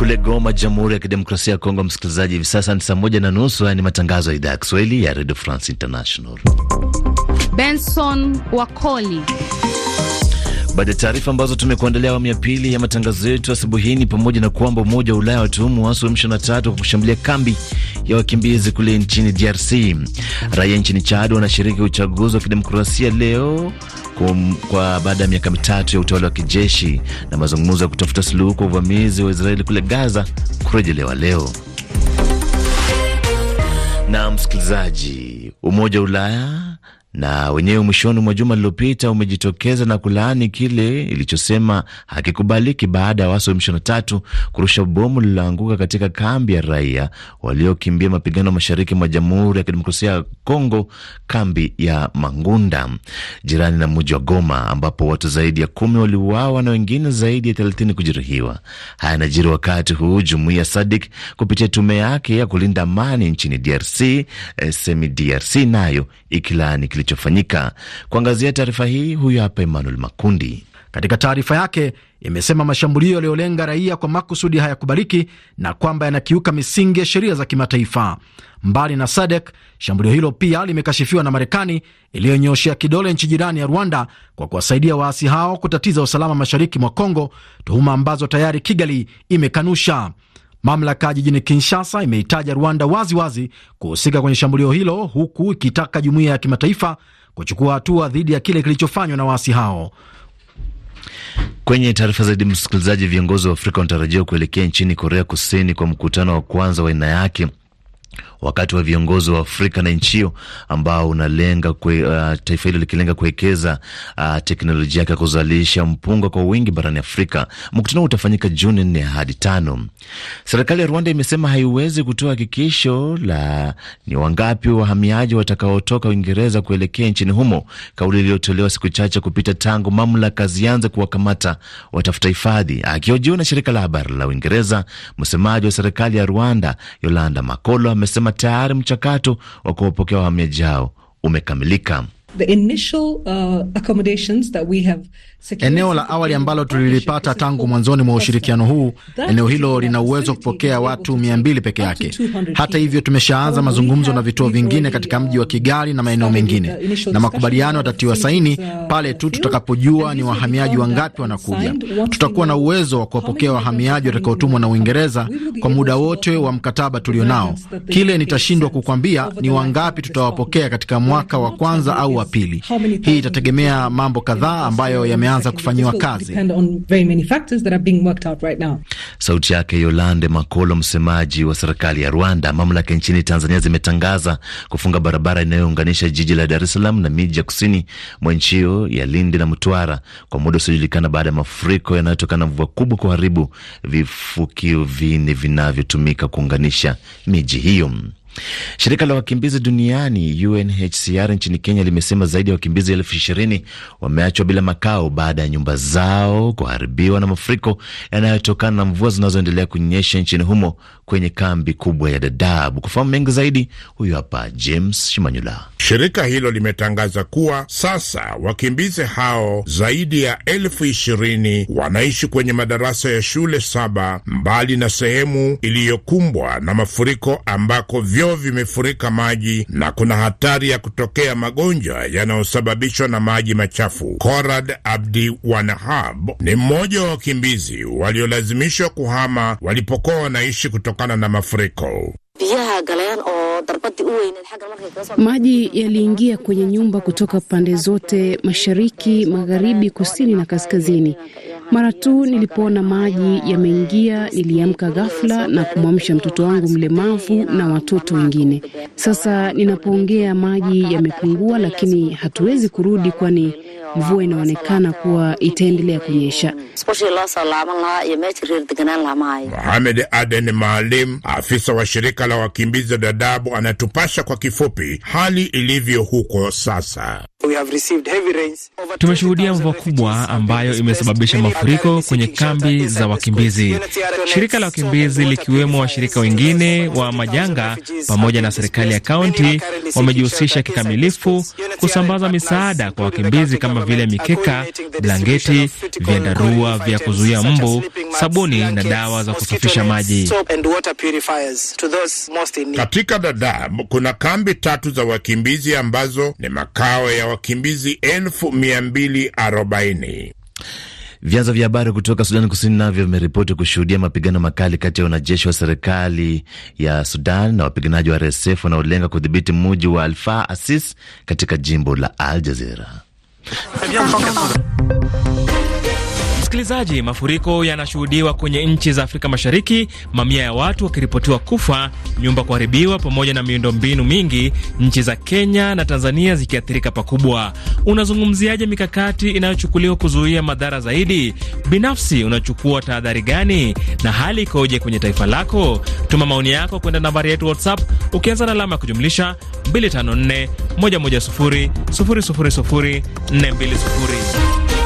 kule Goma, Jamhuri ya Kidemokrasia ya Kongo. Msikilizaji, hivi sasa ni saa moja na nusu. Haya ni matangazo ya idhaa ya Kiswahili ya Radio France International. Benson Wakoli. Baada ya taarifa ambazo tumekuandalia awamu ya pili ya matangazo yetu asubuhi hii ni pamoja na kwamba Umoja wa Ulaya watuhumu waasi wa M23 kwa kushambulia kambi ya wakimbizi kule nchini DRC. Raia nchini Chad wanashiriki uchaguzi wa kidemokrasia leo kum, kwa baada ya miaka mitatu ya utawala wa kijeshi na mazungumzo ya kutafuta suluhu kwa uvamizi wa Israeli kule Gaza kurejelewa leo. Na msikilizaji, Umoja wa Ulaya na wenyewe mwishoni mwa juma lililopita umejitokeza na kulaani kile ilichosema hakikubaliki baada ya waasi wa M23 kurusha bomu lililoanguka katika kambi ya raia waliokimbia mapigano mashariki mwa Jamhuri ya Kidemokrasia ya Kongo, kambi ya Mangunda jirani na mji wa Goma, ambapo watu zaidi ya kumi waliuawa na wengine zaidi ya thelathini kujeruhiwa. Haya yanajiri wakati huu jumuiya SADIK kupitia tume yake ya kulinda amani nchini DRC, eh, nayo ikilaani kilichofanyika. Kuangazia taarifa hii, huyu hapa Emmanuel Makundi. Katika taarifa yake imesema mashambulio yaliyolenga raia kwa makusudi hayakubaliki na kwamba yanakiuka misingi ya sheria za kimataifa. Mbali na SADC, shambulio hilo pia limekashifiwa na Marekani iliyonyoshea kidole nchi jirani ya Rwanda kwa kuwasaidia waasi hao kutatiza usalama mashariki mwa Kongo, tuhuma ambazo tayari Kigali imekanusha. Mamlaka jijini Kinshasa imeitaja Rwanda waziwazi kuhusika kwenye shambulio hilo, huku ikitaka jumuiya ya kimataifa kuchukua hatua dhidi ya kile kilichofanywa na waasi hao. Kwenye taarifa zaidi, msikilizaji, viongozi wa Afrika wanatarajiwa kuelekea nchini Korea Kusini kwa mkutano wa kwanza wa aina yake wakati wa viongozi wa Afrika na nchi hiyo ambao unalenga kwe, uh, taifa hilo likilenga kuwekeza uh, teknolojia yake ya kuzalisha mpunga kwa wingi barani Afrika. Mkutano utafanyika Juni nne hadi tano. Serikali ya Rwanda imesema haiwezi kutoa hakikisho la ni wangapi wahamiaji watakaotoka Uingereza kuelekea nchini humo, kauli iliyotolewa siku chache kupita tangu mamlaka zianze kuwakamata watafuta hifadhi. Akiojiwa na shirika la habari la Uingereza, msemaji wa serikali ya Rwanda Yolanda Makolo wamesema tayari mchakato wa kuwapokea wahamiaji hao umekamilika. The initial, uh, accommodations that we have Eneo la awali ambalo tulilipata tangu mwanzoni mwa ushirikiano huu, eneo hilo lina uwezo wa kupokea watu 200 peke yake. Hata hivyo, tumeshaanza mazungumzo na vituo vingine katika mji wa Kigali na maeneo mengine, uh, na makubaliano yatatiwa saini uh, pale tu tutakapojua ni wahamiaji wangapi wanakuja. Tutakuwa na uwezo wa kuwapokea wahamiaji watakaotumwa na Uingereza kwa muda wote wa mkataba tulionao. Kile nitashindwa kukwambia ni wangapi tutawapokea katika mwaka wa kwanza au wa pili. Hii itategemea mambo kadhaa ambayo yame zimeanza kufanyiwa kazi. Sauti yake Yolande Makolo, msemaji wa serikali ya Rwanda. Mamlaka nchini Tanzania zimetangaza kufunga barabara inayounganisha jiji la Dar es Salaam na miji ya kusini mwa nchi hiyo ya Lindi na Mtwara kwa muda usiojulikana baada ya mafuriko yanayotokana na mvua kubwa kuharibu vifukio vinne vinavyotumika kuunganisha miji hiyo. Shirika la wakimbizi duniani UNHCR nchini Kenya limesema zaidi ya wakimbizi elfu ishirini wameachwa bila makao baada ya nyumba zao kuharibiwa na mafuriko yanayotokana na mvua zinazoendelea kunyesha nchini humo kwenye kambi kubwa ya Dadaab. Kufahamu mengi zaidi, huyu hapa James Shimanyula. Shirika hilo limetangaza kuwa sasa wakimbizi hao zaidi ya elfu ishirini wanaishi kwenye madarasa ya shule saba mbali na sehemu iliyokumbwa na mafuriko ambako vyo vyoo vimefurika maji na kuna hatari ya kutokea magonjwa yanayosababishwa na maji machafu. Korad Abdi Wanahab ni mmoja wa wakimbizi waliolazimishwa kuhama walipokuwa wanaishi kutokana na mafuriko. Maji yaliingia kwenye nyumba kutoka pande zote, mashariki, magharibi, kusini na kaskazini. Mara tu nilipoona maji yameingia, niliamka ghafla na kumwamsha mtoto wangu mlemavu na watoto wengine. Sasa ninapoongea maji yamepungua, lakini hatuwezi kurudi, kwani mvua inaonekana kuwa itaendelea kunyesha. Mohamed Aden Maalim, afisa wa shirika la wakimbizi Dadabu, anatupasha kwa kifupi hali ilivyo huko sasa. Tumeshuhudia mvua kubwa ambayo imesababisha mafuriko kwenye kambi za wakimbizi. Shirika la wakimbizi likiwemo washirika wengine wa majanga pamoja na serikali ya kaunti wamejihusisha kikamilifu kusambaza misaada kwa wakimbizi kama kama vile mikeka, blangeti, vyandarua vya kuzuia mbu, sabuni na dawa za kusafisha maji. Katika Dadaab kuna kambi tatu za wakimbizi ambazo ni makao ya wakimbizi elfu mia mbili arobaini. Vyanzo vya habari kutoka Sudani Kusini navyo vimeripoti kushuhudia mapigano makali kati ya wanajeshi wa serikali ya Sudan na wapiganaji wa RSF wanaolenga kudhibiti mji wa Alfa Asis katika jimbo la Al Jazira. Très bien, 180. Msikilizaji, mafuriko yanashuhudiwa kwenye nchi za Afrika Mashariki, mamia ya watu wakiripotiwa kufa, nyumba kuharibiwa, pamoja na miundombinu mingi, nchi za Kenya na Tanzania zikiathirika pakubwa. Unazungumziaje mikakati inayochukuliwa kuzuia madhara zaidi? Binafsi unachukua tahadhari gani, na hali ikoje kwenye taifa lako? Tuma maoni yako kwenda nambari yetu WhatsApp ukianza na alama ya kujumlisha 254 110 000 420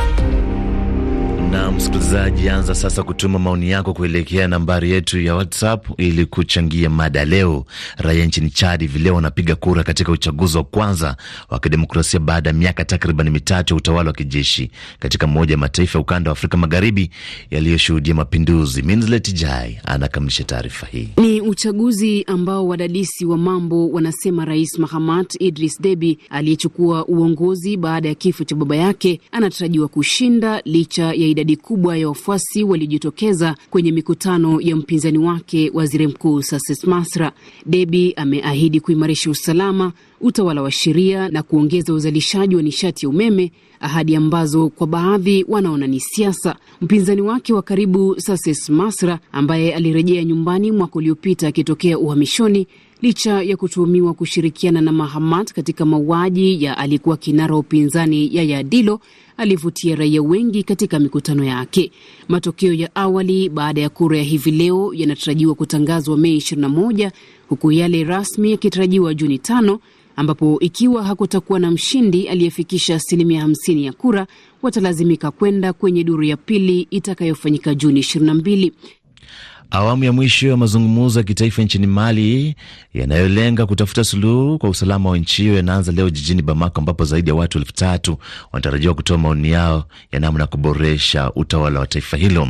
msikilizaji, anza sasa kutuma maoni yako kuelekea nambari yetu ya WhatsApp ili kuchangia mada leo. Raia nchini Chad hivi leo wanapiga kura katika uchaguzi wa kwanza wa kidemokrasia baada ya miaka takriban mitatu ya utawala wa kijeshi katika mmoja ya mataifa ya ukanda wa Afrika Magharibi yaliyoshuhudia mapinduzi. Minlet Jai anakamilisha taarifa hii. Ni uchaguzi ambao wadadisi wa mambo wanasema Rais Mahamat Idris Debi aliyechukua uongozi baada ya kifo cha baba yake anatarajiwa kushinda licha ya idadi idadi kubwa ya wafuasi waliojitokeza kwenye mikutano ya mpinzani wake waziri mkuu Sases Masra. Debi ameahidi kuimarisha usalama, utawala wa sheria na kuongeza uzalishaji wa nishati ya umeme, ahadi ambazo kwa baadhi wanaona ni siasa. Mpinzani wake wa karibu Sases Masra ambaye alirejea nyumbani mwaka uliopita akitokea uhamishoni licha ya kutuhumiwa kushirikiana na Mahamat katika mauaji ya aliyekuwa kinara upinzani ya yadilo alivutia raia wengi katika mikutano yake. Matokeo ya awali baada ya kura ya hivi leo yanatarajiwa kutangazwa Mei 21 huku yale rasmi yakitarajiwa Juni tano ambapo ikiwa hakutakuwa na mshindi aliyefikisha asilimia 50 ya kura watalazimika kwenda kwenye duru ya pili itakayofanyika Juni 22. Awamu ya mwisho ya mazungumzo ya kitaifa nchini Mali yanayolenga kutafuta suluhu kwa usalama wa nchi hiyo yanaanza leo jijini Bamako, ambapo zaidi ya watu elfu tatu wanatarajiwa kutoa maoni yao ya namna ya kuboresha utawala wa taifa hilo.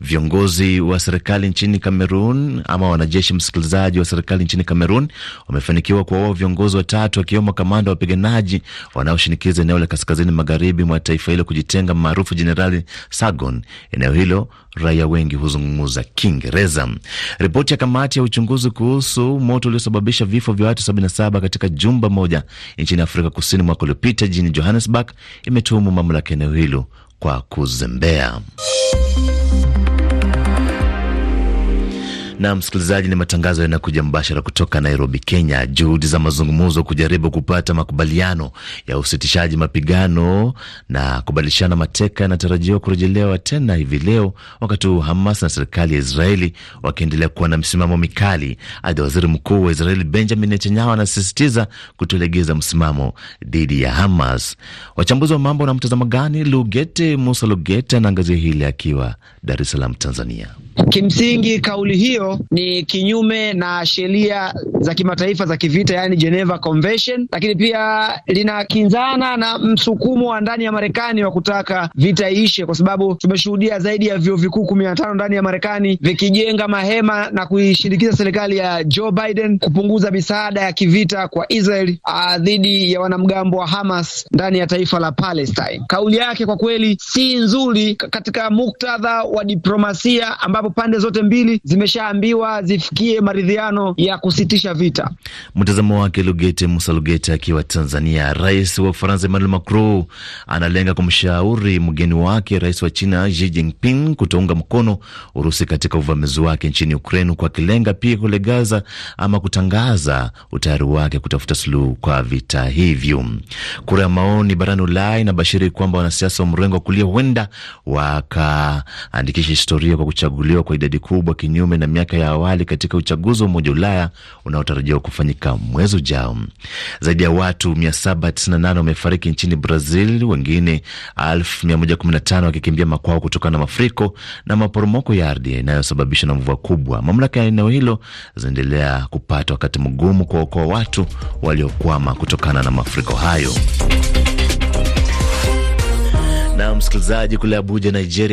Viongozi wa serikali nchini Kamerun ama wanajeshi, msikilizaji, wa serikali nchini Kamerun wamefanikiwa kuwaua viongozi watatu wakiwemo kamanda wa wapiganaji wanaoshinikiza eneo la kaskazini magharibi mwa taifa hilo kujitenga, maarufu Jenerali Sagon. Eneo hilo raia wengi huzungumza Kiingereza. Ripoti ya kamati ya uchunguzi kuhusu moto uliosababisha vifo vya watu 77 katika jumba moja nchini Afrika Kusini mwaka uliopita jijini Johannesburg imetuhumu mamlaka eneo hilo kwa kuzembea. Na msikilizaji, ni matangazo yanakuja mbashara kutoka Nairobi, Kenya. Juhudi za mazungumzo kujaribu kupata makubaliano ya usitishaji mapigano na kubadilishana mateka yanatarajiwa kurejelewa tena hivi leo, wakati huu Hamas na serikali ya Israeli wakiendelea kuwa na msimamo mikali. Aidha, waziri mkuu wa Israeli Benjamin Netanyahu anasisitiza kutolegeza msimamo dhidi ya Hamas. Wachambuzi wa mambo na mtazamo gani? Lugete Musa Lugete anaangazia hili akiwa Dar es Salaam, Tanzania. Kimsingi kauli hiyo ambayo ni kinyume na sheria za kimataifa za kivita, yani Geneva Convention, lakini pia linakinzana na msukumo wa ndani ya Marekani wa kutaka vita iishe, kwa sababu tumeshuhudia zaidi ya vyuo vikuu kumi na tano ndani ya Marekani vikijenga mahema na kuishindikiza serikali ya Joe Biden kupunguza misaada ya kivita kwa Israel ah, dhidi ya wanamgambo wa Hamas ndani ya taifa la Palestine. Kauli yake kwa kweli si nzuri katika muktadha wa diplomasia ambapo pande zote mbili zimesha zimeambiwa zifikie maridhiano ya kusitisha vita. Mtazamo wake Lugete Musa Lugete akiwa Tanzania. Rais wa Ufaransa Emmanuel Macron analenga kumshauri mgeni wake rais wa China Xi Jinping kutounga mkono Urusi katika uvamizi wake nchini Ukraine, kwa akilenga pia kule Gaza ama kutangaza utayari wake kutafuta suluhu kwa vita hivyo. Kura ya maoni barani Ulaya inabashiri kwamba wanasiasa wa mrengo wa kulia huenda wakaandikisha historia kwa kuchaguliwa kwa idadi kubwa kinyume na miaka yake ya awali katika uchaguzi wa Umoja Ulaya unaotarajiwa kufanyika mwezi ujao. Zaidi ya watu 798 wamefariki nchini Brazil, wengine 115 wakikimbia makwao kutokana na mafuriko na maporomoko ya ardhi inayosababishwa na mvua kubwa. Mamlaka ya eneo hilo zinaendelea kupata wakati mgumu kuwaokoa watu waliokwama kutokana na mafuriko hayo. Na msikilizaji, kule Abuja, Nigeria